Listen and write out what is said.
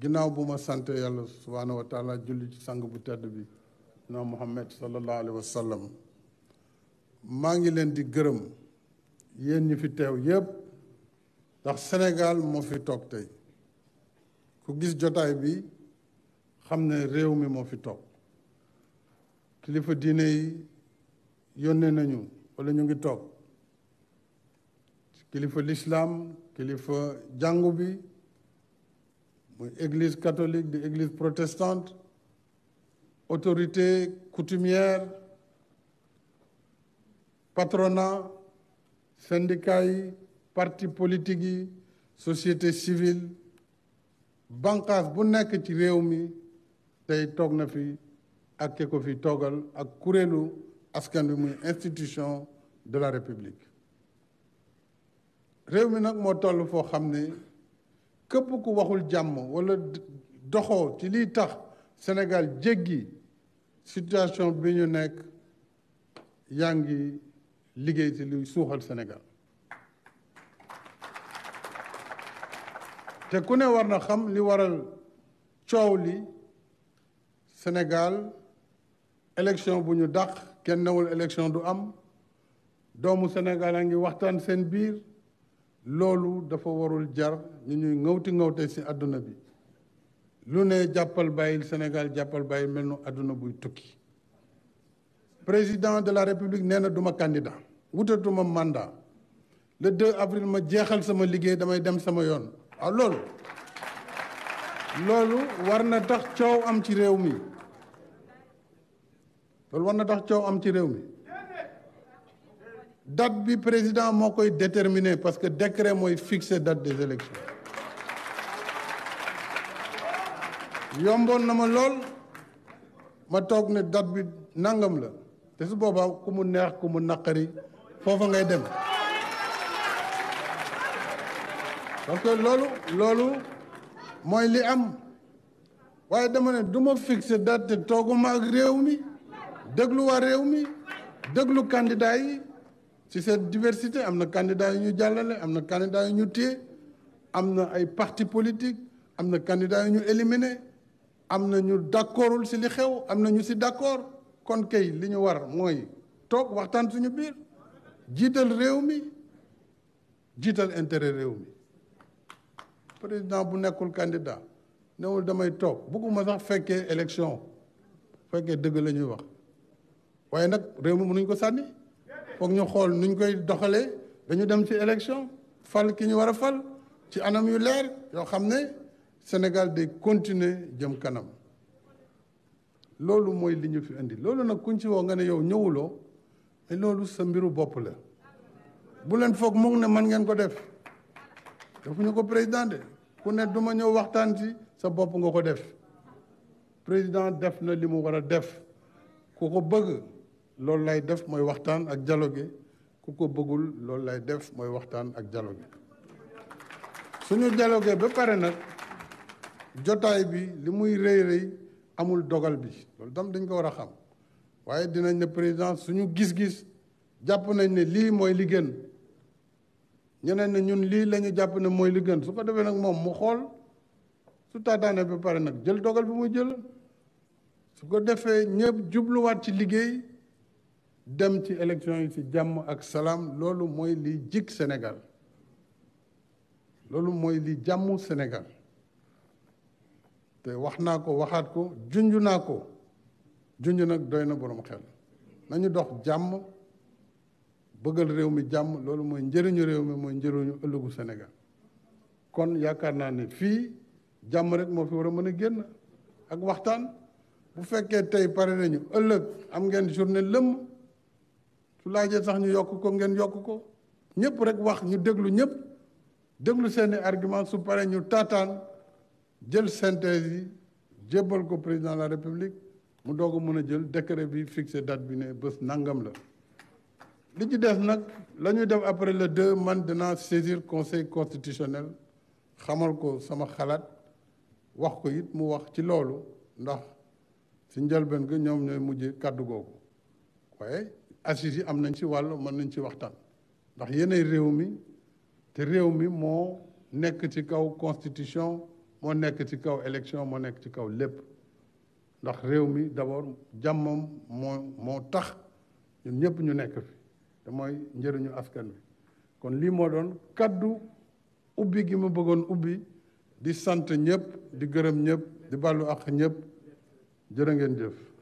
ginnaaw bu ma sante yàlla subhaanahu wa taala ci sàng bu tedd bi na Muhammad sallallahu alayhi wa maa ngi leen di gërëm yéen ñi fi teew yépp ndax senegal moo fi toog tey ku gis jotaay bi xam ne réew mi moo fi toog kilifa diine yi yónnee nañu walla ñu ngi toog kilifa lislaam kilifa jàngu bi l'église église catholique l'église église protestante autorité coutumière patronat syndicats, partis politiques, société civile bànqaas bu nekk ci réew mi tey toog na fi ak ke ko fi toogal ak askan institution de la république réew mi nag moo toll képp ku waxul jàmm wala doxoo ci liy tax Sénégal jéggi situation bi ñu nekk yaa ngi liggéey ci luy suuxal Sénégal te ku ne war na xam li waral coow li Sénégal élection bu ñu dàq kenn newul élection du am doomu Sénégal yaa ngi waxtaan seen biir loolu dafa warul jar ñu ñuy ŋawti ŋawte ci àdduna bi lu ne jàppal bàyyil Sénégal jàppal bàyyil mel nu àdduna buy tukki président de la république nee na duma candidat wutatuma mandat le 2 avril ma jeexal sama liggéey damay dem sama yoon waaw ah, loolu loolu war na tax coow am ci réew mi loolu war na tax coow am ci réew mi date bi président est koy parce que décret mooy fixer date des élections yomboon na ma ma toog ne date bi nangam la te su boobaa neex ku dem parce que li am waaye dama ne du date te ak réew suis candidat ci cette diversité amna candidat yu ñu a amna candidat yu ñu téye amna ay parti politique amna candidat yu ñu éliminé amna d'accord ñu d'accordul ci li xew d'accord kon kay li ñu war moy tok waxtan suñu biir jital réew mi intérêt réew président bu nekkul candidat newul damay Beaucoup de sax fekkee élection fekkee deug la wax mënuñ ko foog ñu xool nuñ koy doxalee dañu dem ci élection fal ki ñu war a fal ci anam yu leer yoo xam ne Sénégal day continuer jëm kanam loolu mooy li ñu fi indi loolu nag kuñ ci woo nga ne yow ñëwuloo mais loolu sa mbiru bopp la bu leen foog mu ne man ngeen ko def defuñu ko président de ku ne duma ñëw waxtaan ci sa bopp nga ko def président def na li mu war a def ku ko bëgg loolu lay def mooy waxtaan ak dialogue ku ko bëggul loolu lay def mooy waxtaan ak dialogue suñu dialogue ba pare nag jotaay bi li muy rëy rëy amul dogal bi loolu tam dañ ko war a xam waaye dinañ ne président suñu gis-gis jàpp nañ ne lii mooy li gën ñeneen ne ñun lii la jàpp ne mooy li gën su ko defee nag moom mu xool su taataane ba pare nag jël dogal bi muy jël su ko defee ñëpp jubluwaat ci liggéey dem ci élection yi ci jàmm ak salaam loolu mooy lii jig Sénégal loolu mooy li jàmmu Sénégal te wax naa ko waxaat ko junj naa ko junj nag doy na boroom xel nañu dox jàmm bëggal réew mi jàmm loolu mooy njëriñu réew mi mooy njëriñu ëllëgu Sénégal kon yaakaar naa ne fii jàmm rek moo fi war a mën a génn ak waxtaan bu fekkee tey pare nañu ëllëg am ngeen journée lëmm su laajee sax ñu yokk ko ngeen yokk ko ñëpp rek wax ñu déglu ñëpp déglu seeni argument su paree ñu tataan jël synthèse yi jébbal ko président la république mu doog a mën a jël décret bi fixe dat bi ne bés nangam la li ci des nag la ñuy def après le deux man dinaa saisir conseil constitutionnel xamal ko sama xalaat wax ko it mu wax ci loolu ndax si njëlbeen gi ñoom ñooy mujje kàddu googu waaye assises yi am nañ ci te réew mi moo ci kaw constitution moo nekk ci kaw élection moo nekk ci kaw lépp ndax d'abord jàmmam moo tax ñun ñëpp ñu nekk fi askan kon lii moo doon kaddu ubbi gi ma bëggoon ubbi di ak